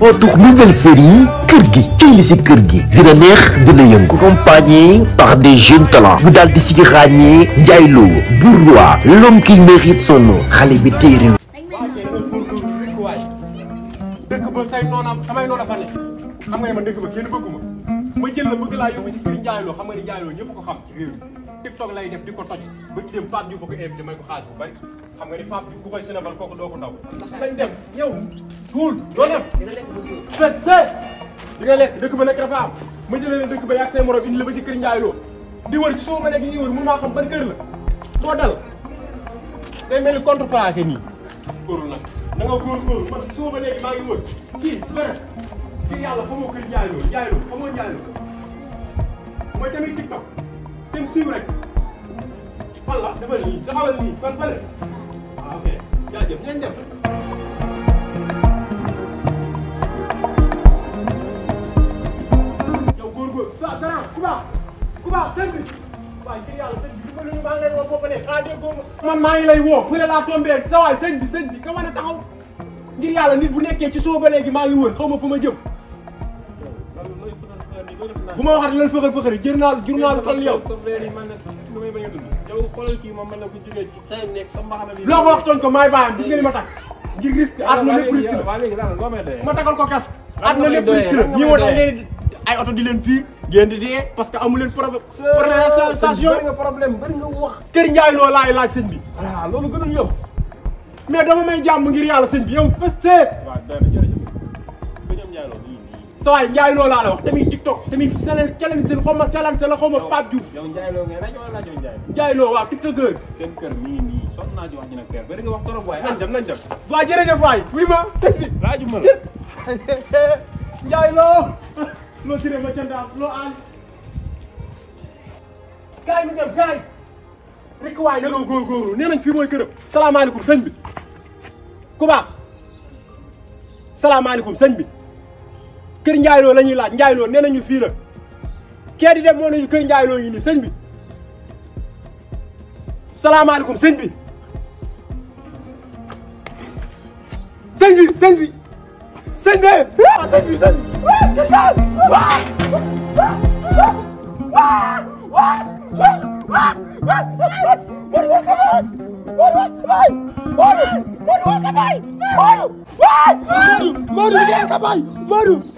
moo tax nouvelle série kër gi cëy li gi dina neex dina yëngu accompagné par des jeunes talents ñu daal di si ràññee Ndiaye Lo Bourrois l'homme qui mérite son nom xale bi téré. réew ba say noonaam samay noona fa ne xam nga ne man ba kenn bëgguma ma jël la bëgg la yobu ci kër xam nga ne ñepp ko xam ci réew TikTok lay def di ko toj ba ci dem Pape ko invité may ko xaalis bu bari xam nga ni Pape Diouf ku koy Sénégal kooku doo ko ndaw. lañ dem ñëw tuul doo def. festé di nga lekk dëkk ba lekk dafa am ma jëlee leen dëkk ba yàgg say morom la ba ci kër Ndiaye loo di wër ci soo ma lekk ñuy wër mën maa xam ban kër la moo dal day mel ni contreplaqué nii góorlu nag da nga góorgóorlu man soo ba léegi maa ngi wër kii fële kii yàlla fa moo kër Ndiaye loo Ndiaye loo fa moo Ndiaye loo dem siiw rek walla defal nii taxawal nii par pare waaw ok jaajëf ngeen def yow góor góor waaw dara ku baax ku baax sëñ bi waaw ngir yàlla sëñ bi lu maa ngi lay woo boppale ah déggoo ma man maa ngi lay woo fële laa tombé sa waay sëñ bi sëñ bi nga war a taxaw ngir bu nekkee ci soo ba gi maa ngi wër xaw ma fu ma jëm bu ma waxaat lan fëkër fëkër jër naa jur naa toll yow loo ko wax tooñ ko maay bàyyam gis nga li ma takk ngir risque àdduna lépp risque la ma takkal ko casque àdduna lépp risque la ñi woote ngeen ay oto di leen fii ngeen di dee parce que amu leen problème nga problème bari nga wax kër Njaay loo laay laaj sëñ bi loolu gënul yow mais dama may jàmm ngir yàlla sëñ bi yow fës seet waaye waay njaay noo laa la wax tamit TikTok tamit seen challenge seen xaw ma challenge la xaw ma Pape Diouf. yow njaay noo ngay rajo wala rajo njaay. njaay noo waaw TikTokeur. seen kër mi ngi nii sonn naa ci wax ji wax trop waay. nañ dem nañ dem waaw jërëjëf waay wuy ma sëñ bi. rajo ma la njaay noo. loo siree ma jënd loo aan. kaay ñu dem kaay. rek nee nañ fii mooy këram. salaamaaleykum sëñ bi. ku baax. salaamaaleykum sëñ bi. kër lui! la lui! laaj lui! C'est lui! C'est la C'est di dem lui! c'est kër C'est yi C'est lui! bi lui! C'est bi C'est bi C'est bi C'est bi C'est bi C'est bi C'est lui! C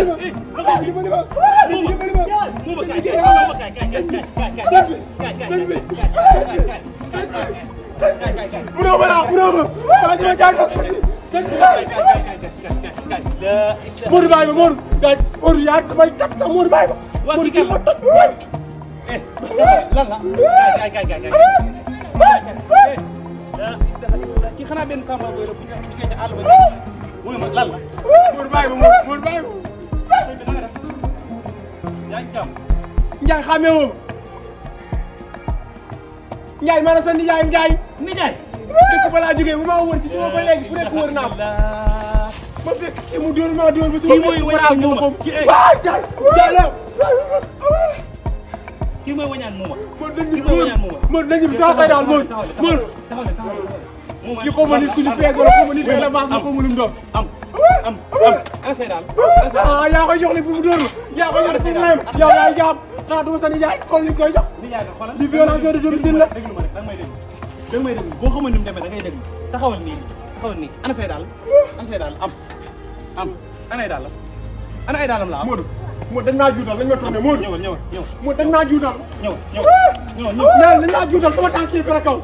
Modou Baye ba Modou yaa Modou yaa damay tàq sax Modou Baye ba. waa kii ma toj waay. lan la kay kay kay kii xanaa benn samba booy la ba. wuyu ma ba Modou Baye ba. Njaay xamee woo Njaay maanaam sa nijaay Njaay. nijaay. dëkk balaa jógee bu ma wër ci suba ba léegi fu nekk wër naa ko. ma fekk kii mu dóor ma dóor ba suba. kii mooy wàññaan muuma eh. waaw Njaay Njaay la. kii mooy wàññaan muuma. kii mooy wàññaan muuma Mor nañu Mor nañu saa xay daal Mor Mor. kii xaw ma nit ku ñu peese wala xaw ma nit ku ñu la baax nga xaw ma lu mu doon. am am ana Seydal. ah yaa koy jox li pour mu dóor la. yaa koy jox li layam yow yaa jaam xanaa du ma sa nijaay xool li koy jox. nijaay nga xoolal li violation de domicile la. déglu ma rek danga may déglu danga may déglu boo xamoon ni mu demee dangay déglu taxawal nii taxawal nii ana Seydal ana Seydal am am ana ay daal la ana ay daalam la am. Modou Modou dañ naa juutal lañ ma tourné Modou. ñëwal ñëwal ñëwal Modou dañ naa juutal. ñëwal ñëwal ñëwal ñëwal dañ naa juutal sama tànk yi fere kaw.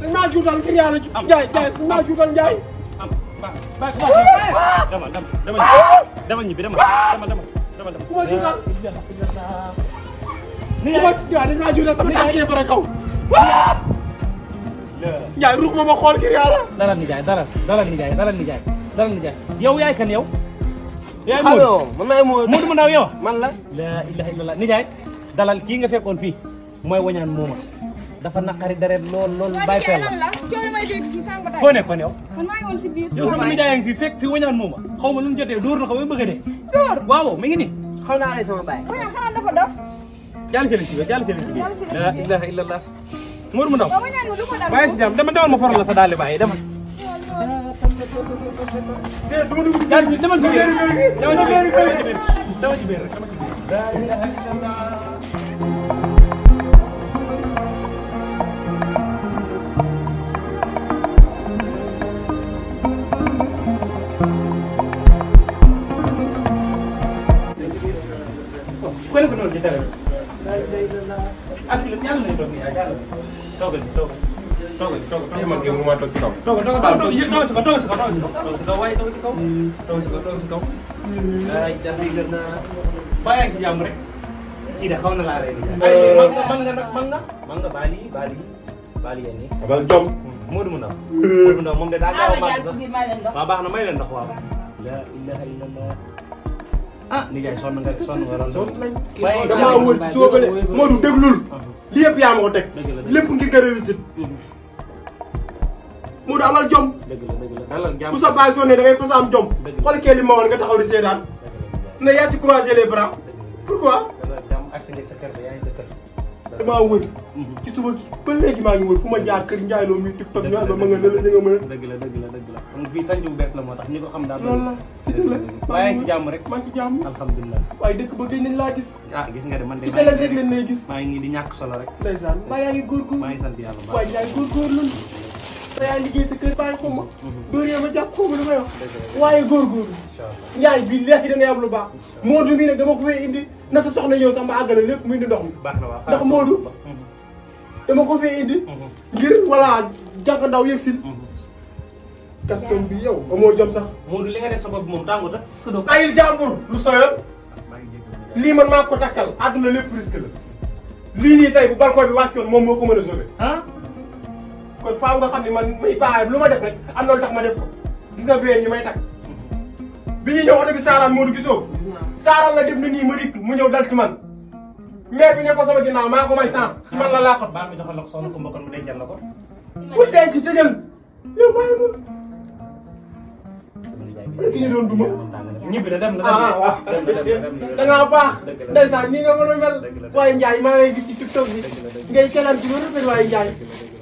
dañ naa juutal ngir yàlla jaay jaay dañ naa juutal jaay baax baax dama dama dama dama ñibbi dama dama dama dama dama ku ma juutal ni ma dañ ma juutal sama tànk yi fara kaw Njaay ruux ma ma xool kii yàlla dalal ni jaay dalal dalal ni jaay dalal ni jaay dalal ni jaay yow yaay kan yow yaay Modou man maay Modou Modou mu ndaw yow man la la ilaha illallah ni jaay dalal kii nga fekkoon fii mooy wañaan mooma dafa naqari deret lool lool bàyyi fenn la foo nekkoon yow. yow sama nijaay ngi fi fekk fi wañaan mooma xaw ma lu mu jotee dóor na ko ba bëgg a dee. dóor waaw mi ngi nii. xam naa ne sama baay. wañaan xanaa dafa dof. jàll si leen ci biir jàll si leen ci biir. la ilaha illallah. Mour mu ndaw bàyyi si jàmm dama demal ma foral la sa daal di bàyyi demal. jàll si demal ci biir. dama ci biir dama ci biir dama ci biir. bëri ko noonu ñu tere asile yàlla nañu toog nii ak yàlla toogal toogal toogal toogal toogal toogal toogal toogal si kaw toogal si kaw toogal si kaw waaye toogal si kaw toogal si kaw toogal si kaw ay dafa gën naa bàyyi ak si jàmm rek kii de xaw na laa rey man nga nag man nga man nga baal yi baal yi baal yi nii abal jom Modou mu ndaw Modou mu ndaw moom de daa gaaw a màgg sax waaw baax na may leen ndox waaw la ilaha illallah ah nijaay sonn nga sonn nga sonn nañ. waaye damaa wër soobale Modou déglul. Ah. li yëpp yaa ma ko teg. lépp ngir nga réussite. Mm-hmm. Modou amal jom. dëgg la dëgg la dalal jàmm bu sa baay sonnee da ngay fas am jom. xool kee li ma woon nga taxaw ne yaa ci croiser les bras. pourquoi. dalal jàmm ak sa kër yaa damaa wër ci suba ba léegi maa ngi wër fu ma jaar kër Ndiaye loo muy tiktok ñu ànd ma nga ne la ñu nga a dëgg la dëgg la dëgg la donc fii sanc bu bees la moo tax ñi ko xam daal loolu la si la waaye si jàmm rek maa ci jàmm alhamdulilah waaye dëkk ba gëj nañ laa gis ah gis nga de man de ci télé rek leen lay gis maa ngi solo rek ndeysaan waaye yaa ngi góorgóorlu maa ngi te yaay liggéey sa kër bàyyi ko ma. dóor ma jàpp ko ma li may wax. waaye góorgóorlu. Njaay bii léegi da ngay am lu baax. Moodu mii nag dama ko fee indi na sa soxna ñëw sax ma àggale lépp mu indi ndox mi. baax na waaw dama ko fee indi. Mhm. ngir voilà jànku ndaw yegg si. kastoon mhm. bi yow amoo jom sax. Moodu li sa moom tàngu ta que doo. lu soyoon. lii man maa ko takkal àdduna lépp risque la. lii nii tey bu balcon bi wàccoon moom moo ko mën a sauver. kon faaw nga xam ne man may baax lu ma def rek am na lu tax ma def ko gis nga weer yi may takk bi ñuy ñëw oto bi saaraan moo gisoo saaraan la def na nii ma rik mu ñëw dal ci man bi ne ko sama ginnaaw maa ko may sens ci man la laa ko baal mi joxal la ko soxna Kumba kon dencal la ko ku denc tëjal yow bàyyi ma ki ñu doon duma. ñibbi na dem na ah, ah, da ngaa baax. ndeysaan nii nga mën a mel. waaye Ndiaye ma ngay gis ci tiktok bi. ngay kelaan ci lu rafet waaye Ndiaye.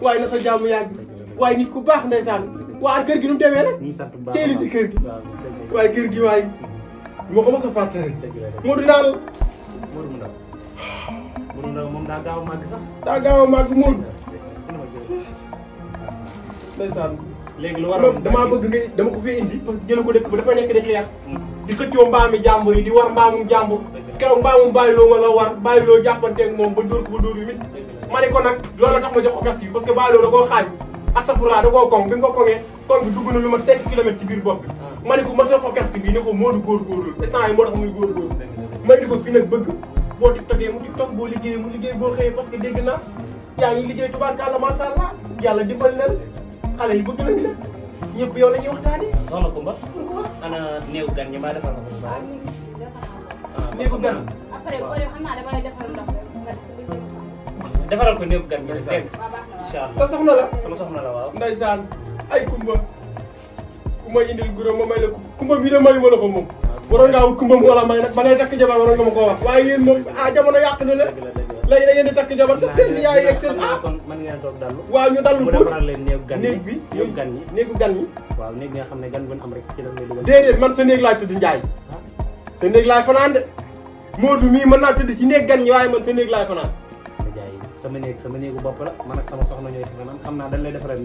waaye na sa jàmm yàgg. waaye nit ku baax ndeysaan. waa kër gi nu te demee nag. teelu ci kër gi. waaye kër gi waaye. moo ko mos a fàtte rek. Modou Ndao. Modou Ndao. Modou Ndao daa gaaw a màgg sax. daa gaaw a màgg léegi lu war a damaa bëgg ngay dama ko fee indi parce que jële ko dëkk ba dafa nekk di xeex di xëccoo mbaami jàmbur yi di war mbaamum jàmbur keroog mbaamum bàyyiloo ma la war bàyyiloo jàppanteeg moom ba dóor ko dóor yu mit ma ne ko nag loolu tax ma jox ko gas bi parce que bàyyiloo da koo xaaj asafura da koo koŋ bi nga koŋee koŋ bi dugg na lu mat 5 kilomètres ci biir bopp bi ma ko ma soog ko gas bi ne ko moo du góorgóorlu instant yi moo tax muy góorgóorlu boo tiktokee mu tiktok boo liggéey mu liggéey boo xëyee xale yi bëgg nañ la ñëpp yow la ñuy waxtaanee. soxna Kumba. pourquoi ana néegu gan ñi maa defal ko ba pare. Ah, néegu gan. après xam naa dama lay defal ndox defaral ko néegu gan. ndeysaan incha allah sa soxna la. sama soxna la waaw. ndeysaan ay Kumba. Kumba indil guro ma may la Kumba mii de mayuma la ko moom. Ah, waroon ngaa wut Kumba mu wala may nag ba lay takk jabar waroon nga ma koo wax. waaye yéen moom ah jamono yàq na la. lay da ngeen di takk jabar sax seen yaay ak seen ah mën ngeen toog dallu waaw ñu dallu tuuti leen néegu gan néeg bi néegu gan ñi néegu gan ñi ne gan bu am man sa néeg laay tëdd njaay sa néeg laay fanaan de Modou mii mën naa tëdd ci néeg gan ñi waaye man sa néeg laay sama la man ak sama soxna ñooy xam naa dañ lay defaral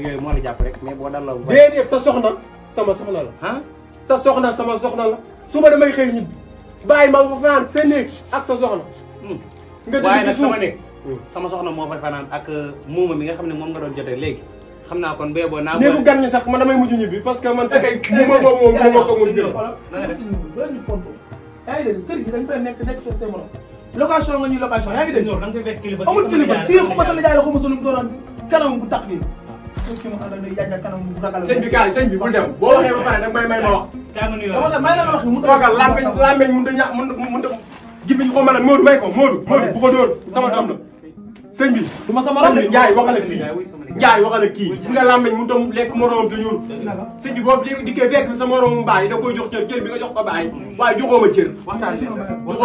yooyu moo la jàpp rek mais boo dalloo déedéet sa soxna sama soxna la sa soxna sama soxna la suba damay xëy ñibbi bàyyi ma fa fanaan sa néeg ak sa soxna. Hmm. nga dëgg waaye sama néeg hmm. sama soxna moo fay fanaan ak euh, muuma mi nga xam ne moom nga doon jotee léegi. xam naa kon bee boo naa. néegu gan ñi sax man damay mujj ñibbi parce que man fekkee muuma boobu moom muuma ko eh, mujj. Eh, eh. yaa location nga ñuy location yaa ngi dégg. da nga koy fekk jaay la xuma sa lu mu doon kanam bu tax bi. kii ma bi bul dem boo waxee ba pare danga may may ma daa ma nuyoo la may la ma wax mu toogal lambeñ a ña mënut a gimmiñ ko mën a Modou may ko Modou Modou bu ko dóor sama doom la sëñ bi du ma sama rom de jaay waxal ak kii gis nga làmmiñ mu doon lekk moromam te ñuul sëñ bi boo fi dikkee fekk sa moromu baay da koy jox cër cër bi nga jox sa baay waaye joxoo ma cër joxoo ma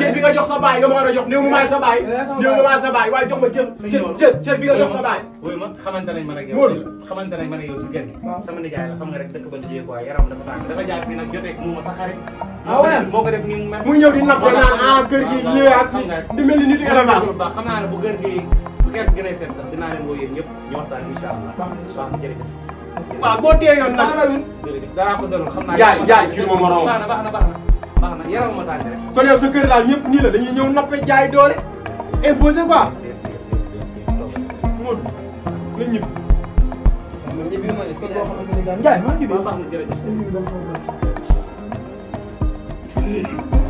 cër cër bi nga jox sa baay nga ma war a jox néew ma maay sa baay eh, néew ma maay sa baay waaye jox ma cër cër cër bi nga jox sa baay xamante nañ man ak yow xamante nañ man ak yow si kër gi sama nijaay la xam nga rek dëkk ba liggéey quoi yaram dafa tàng dafa jaar fii nag joteeg mu ma sa xarit ah moo ko def ni mu mel mu ñëw di naq naan ah kër gi lié ak di mel ni nit élevage xam naa ne bu kër gi gerte gi lay seet sax dinaa leen woo yéen ñëpp ñu waxtaan incha allah. baax na incha allah jërëjëf. waaw boo dee yoon nag. jërëjëf daraa ko daloon xam naa. jaay jaay kii moom moo baax na baax kër daal ñëpp nii la dañuy ñëw nappe jaay doole imposé quoi. Modou nañ ñibbi. man ñibbi ma ne kon boo xamante ne jaay maa ngi ñibbi. baax na